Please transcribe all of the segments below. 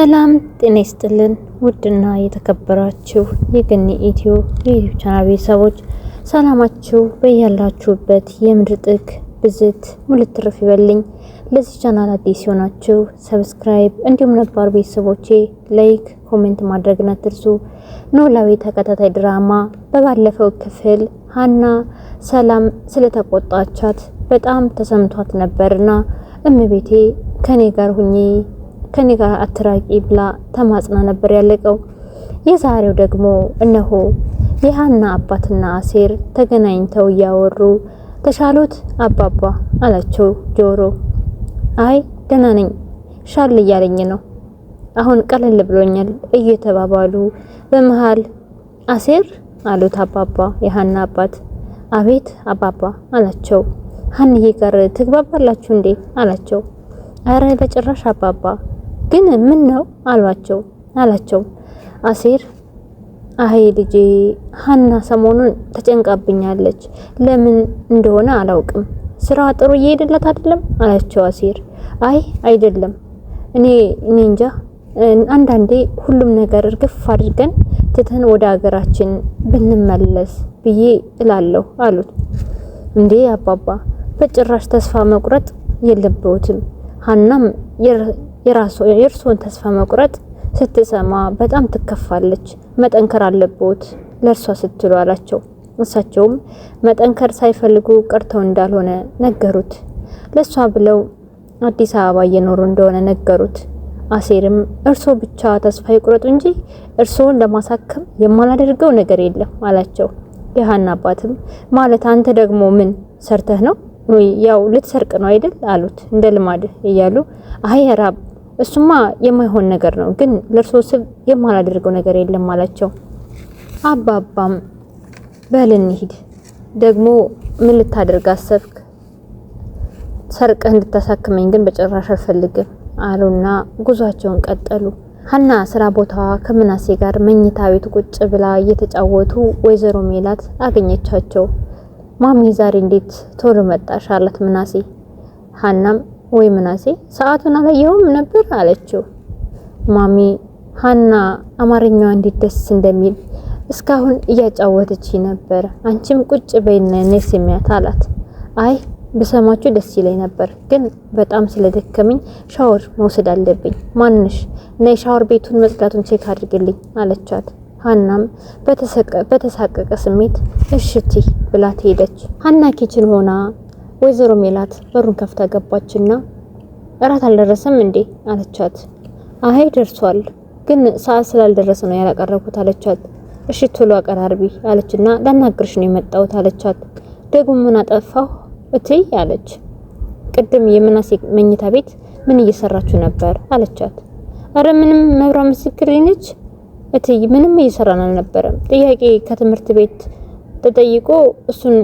ሰላም ጤና ይስጥልን ውድና የተከበራችሁ የገኒ ኢትዮ የዩቲዩብ ቻናል ቤተሰቦች ሰላማችሁ በያላችሁበት የምድር ጥግ ብዝት ሙልትርፍ ይበልኝ። ለዚህ ቻናል አዲስ የሆናችሁ ሰብስክራይብ፣ እንዲሁም ነባር ቤተሰቦቼ ላይክ፣ ኮሜንት ማድረግ አትርሱ። ኖላዊ ተከታታይ ድራማ በባለፈው ክፍል ሀና ሰላም ስለተቆጣቻት በጣም ተሰምቷት ነበርና እምቤቴ ከኔ ጋር ሁኜ ከኔ ጋር አትራቂ ብላ ተማጽና ነበር ያለቀው። የዛሬው ደግሞ እነሆ የሀና አባትና አሴር ተገናኝተው እያወሩ ተሻሎት አባባ አላቸው ጆሮ። አይ ደህና ነኝ፣ ሻል እያለኝ ነው፣ አሁን ቀለል ብሎኛል እየተባባሉ በመሃል አሴር አሉት አባባ የሀና አባት። አቤት አባባ አላቸው። ሀንዬ ጋር ትግባባላችሁ እንዴ አላቸው። አረ በጭራሽ አባባ ግን ምን ነው አሏቸው አላቸው አሴር አሄ ልጄ ሀና ሰሞኑን ተጨንቃብኛለች። ለምን እንደሆነ አላውቅም። ስራ ጥሩ እየሄደላት አይደለም አላቸው አሴር። አይ አይደለም፣ እኔ እኔ እንጃ። አንዳንዴ ሁሉም ነገር እርግፍ አድርገን ትተን ወደ ሀገራችን ብንመለስ ብዬ እላለሁ አሉት። እንዴ አባባ፣ በጭራሽ ተስፋ መቁረጥ የለበውትም ሀናም የእርስዎን ተስፋ መቁረጥ ስትሰማ በጣም ትከፋለች። መጠንከር አለብዎት ለእርሷ ስትሉ አላቸው። እሳቸውም መጠንከር ሳይፈልጉ ቀርተው እንዳልሆነ ነገሩት። ለእሷ ብለው አዲስ አበባ እየኖሩ እንደሆነ ነገሩት። አሴርም እርስዎ ብቻ ተስፋ ይቁረጡ እንጂ እርስዎን ለማሳከም የማላደርገው ነገር የለም አላቸው። የሀና አባትም ማለት አንተ ደግሞ ምን ሰርተህ ነው? ያው ልትሰርቅ ነው አይደል? አሉት እንደ ልማድ እያሉ አይ ራብ እሱማ የማይሆን ነገር ነው፣ ግን ለእርሶ ስብ የማላደርገው ነገር የለም አላቸው። አባባም በል እንሂድ፣ ደግሞ ምን ልታደርግ አሰብክ? ሰርቀህ እንድታሳክመኝ ግን በጭራሽ አልፈልግም አሉና ጉዟቸውን ቀጠሉ። ሀና ስራ ቦታዋ ከምናሴ ጋር መኝታ ቤት ቁጭ ብላ እየተጫወቱ ወይዘሮ ሜላት አገኘቻቸው። ማሚ ዛሬ እንዴት ቶሎ መጣሽ? አላት ምናሴ። ሀናም ወይ ምናሴ ሰዓቱን አላየሁም ነበር አለችው። ማሚ ሀና አማርኛዋ እንዴት ደስ እንደሚል እስካሁን እያጫወተች ነበር። አንቺም ቁጭ በይና ነይ ስሚያት አላት። አይ በሰማችሁ ደስ ይለኝ ነበር፣ ግን በጣም ስለደከመኝ ሻወር መውሰድ አለብኝ። ማንሽ ነይ ሻወር ቤቱን መጽዳቱን ቼክ አድርግልኝ አለቻት። ሀናም በተሳቀቀ ስሜት እሽቲ ብላት ሄደች። ሀና ኪችን ሆና ወይዘሮ ሜላት በሩን ከፍታ ገባችና እራት አልደረሰም እንዴ አለቻት። አይ ደርሷል፣ ግን ሰዓት ስላልደረሰ ነው ያላቀረብኩት አለቻት። እሺ ቶሎ አቀራርቢ አለችና ላናግርሽ ነው የመጣሁት አለቻት። ደግሞ ምን አጠፋሁ እትይ አለች። ቅድም የምናሴ መኝታ ቤት ምን እየሰራችሁ ነበር አለቻት። አረ ምንም መብራ ምስክር ነች እትይ፣ ምንም እየሰራን አልነበረም። ጥያቄ ከትምህርት ቤት ተጠይቆ እሱን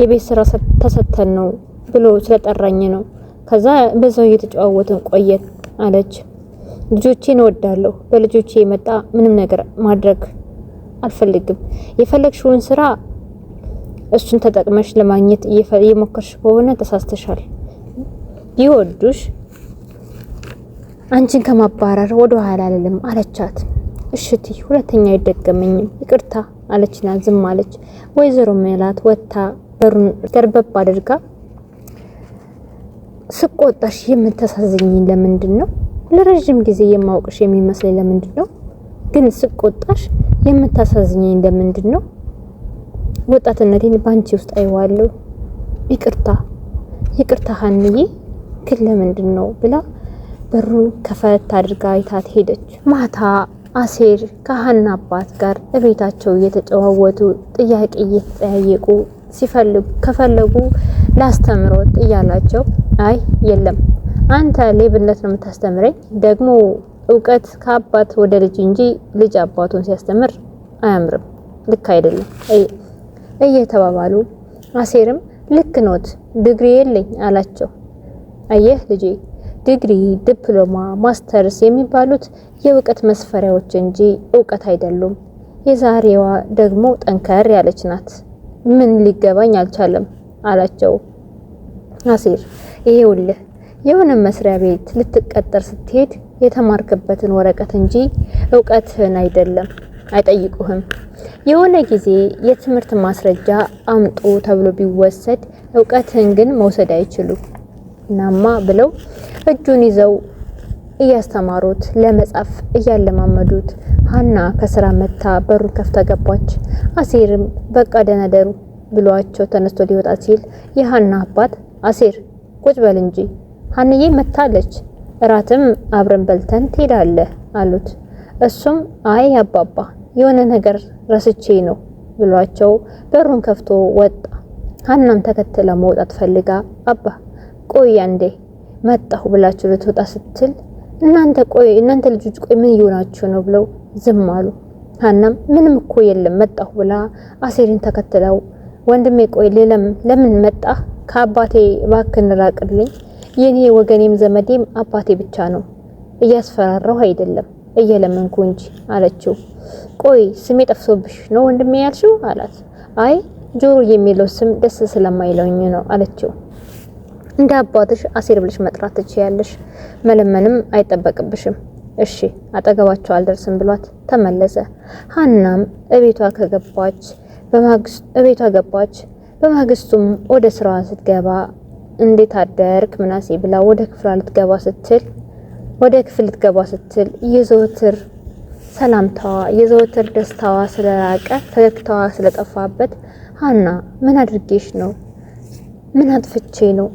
የቤት ስራ ተሰተን ነው ብሎ ስለጠራኝ ነው። ከዛ በዛው እየተጨዋወትን ቆየን አለች። ልጆቼን እወዳለሁ። በልጆቼ የመጣ ምንም ነገር ማድረግ አልፈልግም። የፈለግሽውን ስራ እሱን ተጠቅመሽ ለማግኘት እየሞከርሽ ከሆነ ተሳስተሻል። ቢወዱሽ አንቺን ከማባረር ወደ ኋላ አልልም አለቻት። እሽቲ ሁለተኛ አይደገመኝም፣ ይቅርታ አለችና ዝም አለች። ወይዘሮ ሜላት ወጥታ በሩን ገርበብ አድርጋ ስቆጣሽ የምታሳዝኝ ለምንድን ነው? ለረዥም ጊዜ የማውቅሽ የሚመስለኝ ለምንድን ነው? ግን ስቆጣሽ የምታሳዝኝ ለምንድን ነው? ወጣትነቴን በአንቺ ውስጥ አይዋለሁ። ይቅርታ ይቅርታ ሀንዬ፣ ግን ለምንድን ነው ብላ በሩን ከፈት አድርጋ አይታት ሄደች። ማታ አሴር ከሀና አባት ጋር እቤታቸው እየተጨዋወቱ ጥያቄ እየተጠያየቁ ሲፈልጉ ከፈለጉ ላስተምሮት እያላቸው አይ የለም አንተ ሌብነት ነው የምታስተምረኝ። ደግሞ እውቀት ከአባት ወደ ልጅ እንጂ ልጅ አባቱን ሲያስተምር አያምርም፣ ልክ አይደለም እየተባባሉ አሴርም ልክ ኖት ዲግሪ የለኝ አላቸው። አየህ ልጄ ዲግሪ፣ ዲፕሎማ፣ ማስተርስ የሚባሉት የእውቀት መስፈሪያዎች እንጂ እውቀት አይደሉም። የዛሬዋ ደግሞ ጠንከር ያለች ናት። ምን ሊገባኝ አልቻለም አላቸው። አሲር ይሄውልህ የሆነ መስሪያ ቤት ልትቀጠር ስትሄድ የተማርክበትን ወረቀት እንጂ እውቀትህን አይደለም አይጠይቁህም። የሆነ ጊዜ የትምህርት ማስረጃ አምጡ ተብሎ ቢወሰድ እውቀትህን ግን መውሰድ አይችሉ ናማ ብለው እጁን ይዘው እያስተማሩት ለመጻፍ እያለማመዱት ሀና ከስራ መታ በሩን ከፍታ ገባች። አሴርም በቃ ደነደሩ ብሏቸው ተነስቶ ሊወጣ ሲል የሀና አባት አሴር ቁጭ በል እንጂ ሀንዬ መታለች፣ እራትም አብረን በልተን ትሄዳለህ አሉት። እሱም አይ አባባ የሆነ ነገር ረስቼ ነው ብሏቸው በሩን ከፍቶ ወጣ። ሀናም ተከትላ መውጣት ፈልጋ አባ ቆይ አንዴ መጣሁ ብላችሁ ልትወጣ ስትል እናንተ ቆይ እናንተ ልጆች ቆይ ምን እየሆናችሁ ነው ብለው ዝም አሉ። ሀናም ምንም እኮ የለም መጣሁ ብላ አሴሪን ተከትለው ወንድሜ ቆይ ሌለም ለምን መጣ? ከአባቴ እባክህን ራቅልኝ። የኔ ወገኔም ዘመዴም አባቴ ብቻ ነው። እያስፈራራሁ አይደለም እየለመንኩ እንጂ አለችው። ቆይ ስሜ ጠፍቶብሽ ነው ወንድሜ ያልሽው? አላት። አይ ጆሮ የሚለው ስም ደስ ስለማይለኝ ነው አለችው። እንደ አባትሽ አሴር ብለሽ መጥራት ትችያለሽ፣ መለመንም አይጠበቅብሽም። እሺ አጠገባቸው አልደርስም ብሏት ተመለሰ። ሀናም እቤቷ ከገባች እቤቷ ገባች። በማግስቱም ወደ ስራዋ ስትገባ እንዴት አደርክ ምናሴ ብላ ወደ ክፍሏ ልትገባ ስትል ወደ ክፍል ልትገባ ስትል የዘወትር ሰላምታዋ የዘወትር ደስታዋ ስለራቀ ፈገግታዋ ስለጠፋበት ሀና ምን አድርጌሽ ነው ምን አጥፍቼ ነው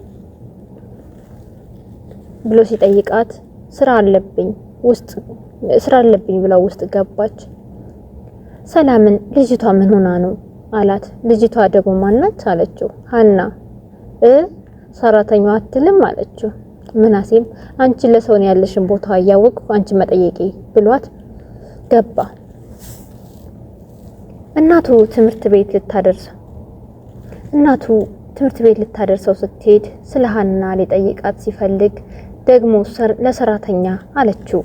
ብሎ ሲጠይቃት ስራ አለብኝ ውስጥ ስራ አለብኝ ብላ ውስጥ ገባች። ሰላምን ልጅቷ ምን ሆና ነው አላት። ልጅቷ ደግሞ ማናች አለችው። ሀና እ ሰራተኛዋ አትልም አለችው። ምናሴም አንቺ ለሰውን ያለሽን ቦታ እያወቅኩ አንቺ መጠየቂ ብሏት ገባ። እናቱ ትምህርት ቤት ልታደርስ እናቱ ትምህርት ቤት ልታደርሰው ስትሄድ ስለ ሀና ሊጠይቃት ሲፈልግ ደግሞ ለሰራተኛ አለችው።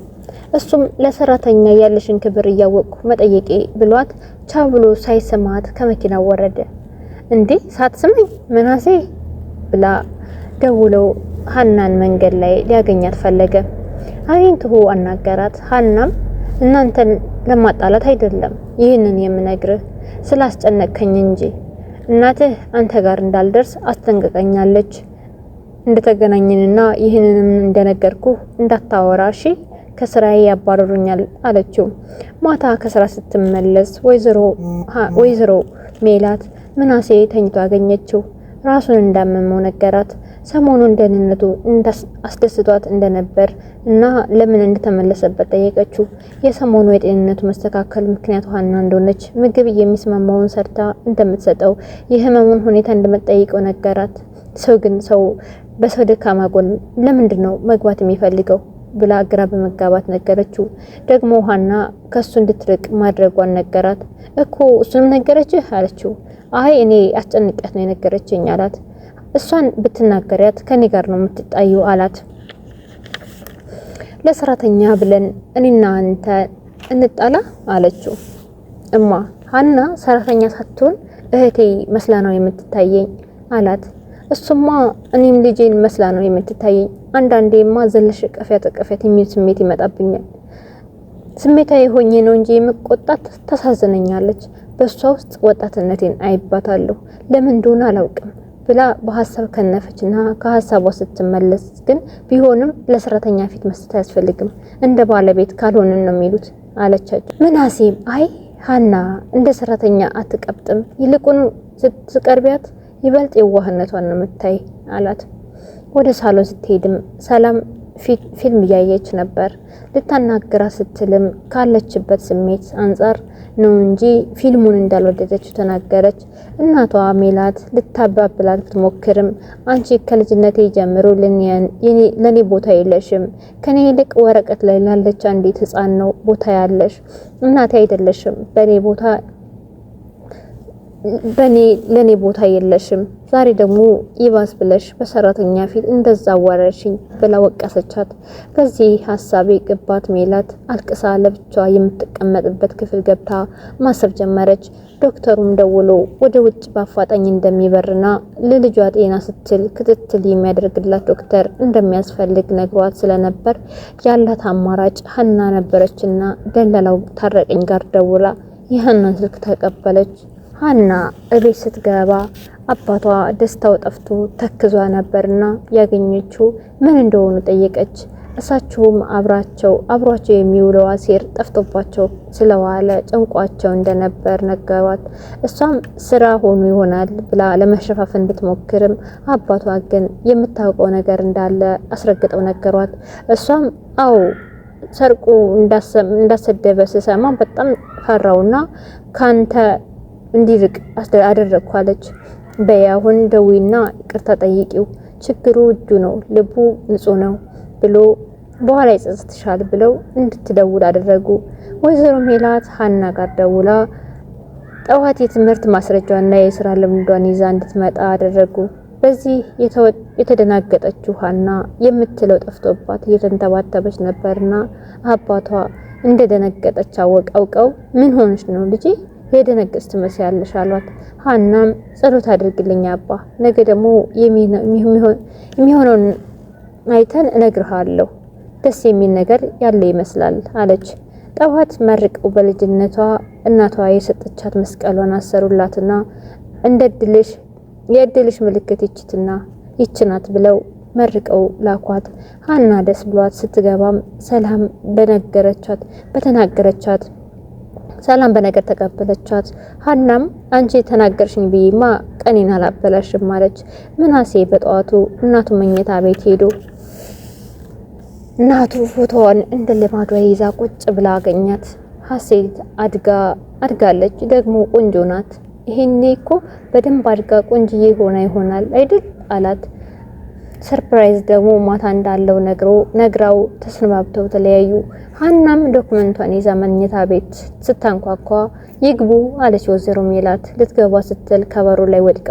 እሱም ለሰራተኛ ያለሽን ክብር እያወቅኩ መጠየቄ ብሏት ቻው ብሎ ሳይሰማት ከመኪናው ወረደ። እንዴ ሳትስመኝ መናሴ ብላ ደውለው ሀናን መንገድ ላይ ሊያገኛት ፈለገ። አግኝቶ አናገራት። ሀናም እናንተን ለማጣላት አይደለም ይህንን የምነግርህ ስላስጨነቅከኝ እንጂ እናትህ አንተ ጋር እንዳልደርስ አስጠንቅቀኛለች። እንደተገናኘንና ይህንንም እንደነገርኩ እንዳታወራ እሺ፣ ከስራዬ ያባረሩኛል አለችው። ማታ ከስራ ስትመለስ ወይዘሮ ሜላት ምናሴ ተኝቶ አገኘችው። ራሱን እንዳመመው ነገራት። ሰሞኑን ደህንነቱ አስደስቷት እንደነበር እና ለምን እንደተመለሰበት ጠየቀችው። የሰሞኑ የጤንነቱ መስተካከል ምክንያት ዋና እንደሆነች ምግብ የሚስማማውን ሰርታ እንደምትሰጠው የህመሙን ሁኔታ እንደምትጠይቀው ነገራት። ሰው ግን ሰው በሰው ደካማ ጎን ለምንድን ነው መግባት የሚፈልገው ብላ ግራ በመጋባት ነገረችው። ደግሞ ውሃና ከሱ እንድትርቅ ማድረጓን ነገራት። እኮ እሱንም ነገረችህ አለችው። አይ እኔ አስጨንቂያት ነው የነገረችኝ አላት። እሷን ብትናገሪያት ከኔ ጋር ነው የምትጣዩ አላት። ለሰራተኛ ብለን እኔና አንተ እንጣላ አለችው። እማ ሀና ሰራተኛ ሳትሆን እህቴ መስላ ነው የምትታየኝ አላት። እሱማ እኔም ልጄን መስላ ነው የምትታየኝ። አንዳንዴማ ዘለሽ ቀፊያት ቀፊያት የሚል ስሜት ይመጣብኛል። ስሜታዊ ሆኜ ነው እንጂ የምቆጣት ታሳዝነኛለች። በእሷ ውስጥ ወጣትነቴን አይባታለሁ። ለምን እንደሆነ አላውቅም ብላ በሀሳብ ከነፈችና ከሀሳቧ ስትመለስ ግን ቢሆንም ለሰራተኛ ፊት መስጠት አያስፈልግም እንደ ባለቤት ካልሆንን ነው የሚሉት አለቻቸው። ምናሴም አይ ሀና እንደ ሰራተኛ አትቀብጥም፣ ይልቁን ስትቀርቢያት ይበልጥ የዋህነቷን ነው የምታይ አላት። ወደ ሳሎን ስትሄድም ሰላም ፊልም እያየች ነበር። ልታናግራ ስትልም ካለችበት ስሜት አንጻር ነው እንጂ ፊልሙን እንዳልወደደችው ተናገረች። እናቷ ሜላት ልታባብላት ብትሞክርም አንቺ ከልጅነቴ ጀምሮ ለእኔ ቦታ የለሽም፣ ከኔ ይልቅ ወረቀት ላይ ላለች አንዲት ሕፃን ነው ቦታ ያለሽ፣ እናቴ አይደለሽም። በእኔ ቦታ በኔ ለኔ ቦታ የለሽም። ዛሬ ደግሞ ይባስ ብለሽ በሰራተኛ ፊት እንደዛ ወረሽኝ ብላ ወቀሰቻት። በዚህ ሀሳብ የገባት ሜላት አልቅሳ ለብቻ የምትቀመጥበት ክፍል ገብታ ማሰብ ጀመረች። ዶክተሩም ደውሎ ወደ ውጭ በአፋጣኝ እንደሚበርና ለልጇ ጤና ስትል ክትትል የሚያደርግላት ዶክተር እንደሚያስፈልግ ነግሯት ስለነበር ያላት አማራጭ ሀና ነበረችና ደላላው ታረቀኝ ጋር ደውላ የሀናን ስልክ ተቀበለች። ሀና እቤት ስትገባ አባቷ ደስታው ጠፍቶ ተክዟ ነበርና ያገኘችው ምን እንደሆኑ ጠየቀች። እሳቸውም አብራቸው አብሯቸው የሚውለው አሴር ጠፍቶባቸው ስለዋለ ጭንቋቸው እንደነበር ነገሯት። እሷም ስራ ሆኖ ይሆናል ብላ ለመሸፋፈን ብትሞክርም አባቷ ግን የምታውቀው ነገር እንዳለ አስረግጠው ነገሯት። እሷም አዎ ሰርቁ እንዳሰደበ ስሰማ በጣም ፈራውና ካንተ እንዲርቅ አደረግኩ አለች። በይ አሁን ደዊና ቅርታ ጠይቂው፣ ችግሩ እጁ ነው፣ ልቡ ንጹህ ነው ብሎ በኋላ ይጸጽትሻል ብለው እንድትደውል አደረጉ። ወይዘሮ ሜላት ሀና ጋር ደውላ ጠዋት የትምህርት ማስረጃና የስራ ልምዷን ይዛ እንድትመጣ አደረጉ። በዚህ የተደናገጠችው ሀና የምትለው ጠፍቶባት እየተንተባተበች ነበርና አባቷ እንደደነገጠች አወቅ አውቀው ምን ሆነች ነው ልጄ የደነገጥሽ ትመስያለሽ አሏት። ሀናም ጸሎት አድርግልኝ አባ፣ ነገ ደግሞ የሚሆነውን አይተን እነግርሃለሁ፣ ደስ የሚል ነገር ያለ ይመስላል አለች። ጠዋት መርቀው በልጅነቷ እናቷ የሰጠቻት መስቀሏን አሰሩላትና እንደ ድልሽ የእድልሽ ምልክት ይችትና ይችናት ብለው መርቀው ላኳት። ሀና ደስ ብሏት ስትገባም ሰላም በነገረቻት በተናገረቻት ሰላም በነገር ተቀበለቻት። ሀናም አንቺ ተናገርሽኝ ብዬማ ቀኔን አላበላሽም አለች። ምናሴ በጠዋቱ እናቱ መኝታ ቤት ሄዶ እናቱ ፎቶዋን እንደ ልማዷ ይዛ ቁጭ ብላ አገኛት። ሀሴት አድጋ አድጋለች፣ ደግሞ ቆንጆ ናት። ይሄኔ እኮ በደንብ አድጋ ቆንጅዬ ሆና ይሆናል አይደል አላት። ሰርፕራይዝ ደግሞ ማታ እንዳለው ነግሮ ነግራው ተስማምተው ተለያዩ። ሀናም ዶክመንቷን ይዛ መኝታ ቤት ስታንኳኳ ይግቡ አለች ወይዘሮ ሜላት። ልትገባ ስትል ከበሩ ላይ ወድቃ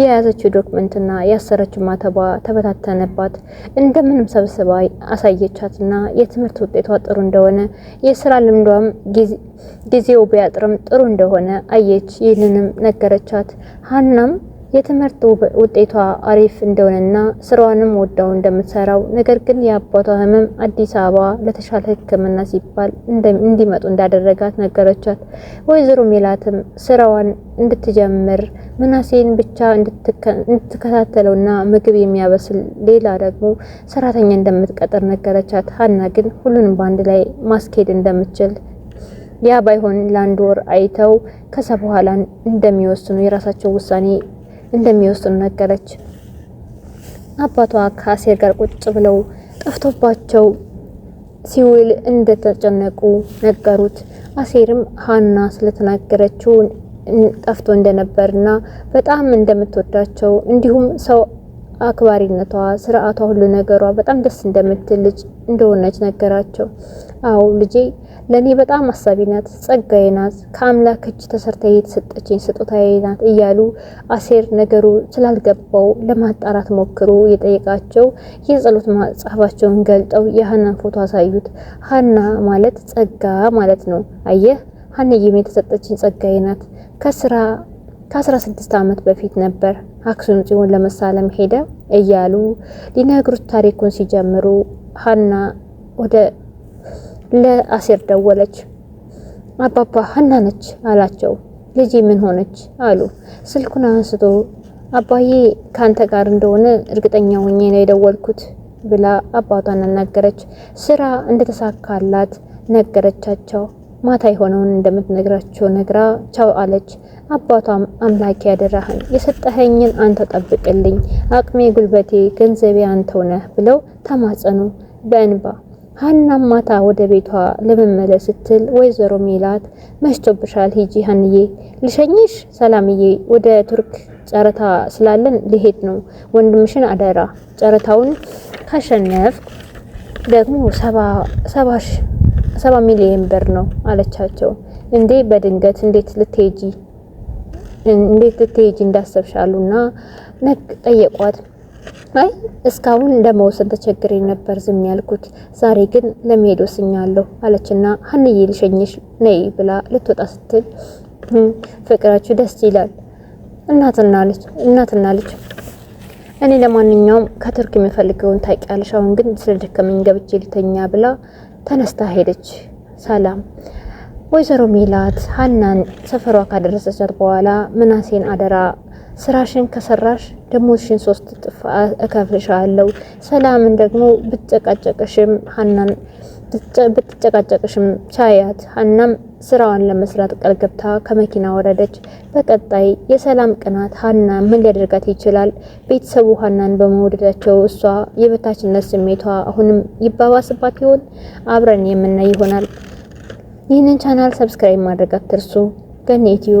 የያዘችው ዶክመንትና ያሰረችው ማተቧ ተበታተነባት። እንደምንም ሰብስባ አሳየቻትና የትምህርት ውጤቷ ጥሩ እንደሆነ የስራ ልምዷም ጊዜው ቢያጥርም ጥሩ እንደሆነ አየች። ይህንንም ነገረቻት ሀናም የትምህርት ውጤቷ አሪፍ እንደሆነና ስራዋንም ወዳው እንደምትሰራው ነገር ግን የአባቷ ህመም አዲስ አበባ ለተሻለ ሕክምና ሲባል እንዲመጡ እንዳደረጋት ነገረቻት። ወይዘሮ ሜላትም ስራዋን እንድትጀምር ምናሴን ብቻ እንድትከታተለውና ምግብ የሚያበስል ሌላ ደግሞ ሰራተኛ እንደምትቀጥር ነገረቻት። ሀና ግን ሁሉንም በአንድ ላይ ማስኬድ እንደምትችል ያ ባይሆን ለአንድ ወር አይተው ከዛ በኋላ እንደሚወስኑ የራሳቸው ውሳኔ እንደሚወስኑ ነገረች። አባቷ ከአሴር ጋር ቁጭ ብለው ጠፍቶባቸው ሲውል እንደተጨነቁ ነገሩት። አሴርም ሀና ስለተናገረችው ጠፍቶ እንደነበርና በጣም እንደምትወዳቸው እንዲሁም ሰው አክባሪነቷ፣ ስርዓቷ፣ ሁሉ ነገሯ በጣም ደስ እንደምትል ልጅ እንደሆነች ነገራቸው። አዎ ልጄ ለእኔ በጣም አሳቢ ናት፣ ጸጋዬ ናት፣ ከአምላክ እጅ ተሰርታ የተሰጠችኝ ስጦታዬ ናት እያሉ አሴር ነገሩ ስላልገባው ለማጣራት ሞክሮ የጠየቃቸው የጸሎት መጽሐፋቸውን ገልጠው የሀናን ፎቶ አሳዩት። ሀና ማለት ጸጋ ማለት ነው። አየህ ሀንዬም የተሰጠችኝ ጸጋዬ ናት ከስራ ከ16 ዓመት በፊት ነበር አክሱም ጽዮን ለመሳለም ሄደ እያሉ ሊነግሩት ታሪኩን ሲጀምሩ ሀና ወደ ለአሴር ደወለች። አባባ ሀና ነች አላቸው። ልጅ ምን ሆነች አሉ። ስልኩን አንስቶ አባዬ ካንተ ጋር እንደሆነ እርግጠኛ ሆኜ ነው የደወልኩት ብላ አባቷን አናገረች። ስራ እንደተሳካላት ነገረቻቸው። ማታ የሆነውን እንደምትነግራቸው ነግራ ቻው አለች። አባቷም አምላኬ ያደራህን የሰጠኸኝን አንተ ጠብቅልኝ፣ አቅሜ ጉልበቴ፣ ገንዘቤ አንተው ነህ ብለው ተማጸኑ በእንባ። ሀናም ማታ ወደ ቤቷ ለመመለስ ስትል ወይዘሮ ሜላት መሽቶብሻል፣ ሂጂ ሀንዬ፣ ልሸኝሽ ሰላምዬ፣ ወደ ቱርክ ጨረታ ስላለን ሊሄድ ነው። ወንድምሽን አደራ፣ ጨረታውን ካሸነፍ ደግሞ ሰባ ሚሊዮን ብር ነው አለቻቸው። እንዴ በድንገት እንዴት ልትሄጂ እንዴት ልትሄጂ እንዳሰብሻሉና ነግ ጠየቋት። አይ እስካሁን ለመወሰን ተቸግሬ ነበር ዝም ያልኩት፣ ዛሬ ግን ለመሄድ ወስኛለሁ አለችና ሀንዬ ልሸኝሽ ነይ ብላ ልትወጣ ስትል ፍቅራችሁ ደስ ይላል እናትና ልጅ እናትና ልጅ እኔ ለማንኛውም ከቱርክ የምፈልገውን ታውቂያለሽ። አሁን ግን ስለደከመኝ ገብቼ ልተኛ ብላ ተነስታ ሄደች። ሰላም ወይዘሮ ሜላት ሀናን ሰፈሯ ካደረሰቻት በኋላ ምናሴን አደራ ስራሽን ከሰራሽ ደሞዝሽን ሶስት እጥፍ እከፍልሻለሁ። ሰላምን ደግሞ ብትጨቃጨቅሽም ሀናን ብትጨቃጨቅሽም ቻያት። ሀናም ስራዋን ለመስራት ቃል ገብታ ከመኪና ወረደች። በቀጣይ የሰላም ቅናት ሀና ምን ሊያደርጋት ይችላል? ቤተሰቡ ሀናን በመውደዳቸው እሷ የበታችነት ስሜቷ አሁንም ይባባስባት ይሆን? አብረን የምናይ ይሆናል። ይህንን ቻናል ሰብስክራይብ ማድረግ አትርሱ። ገኒ ኢትዮ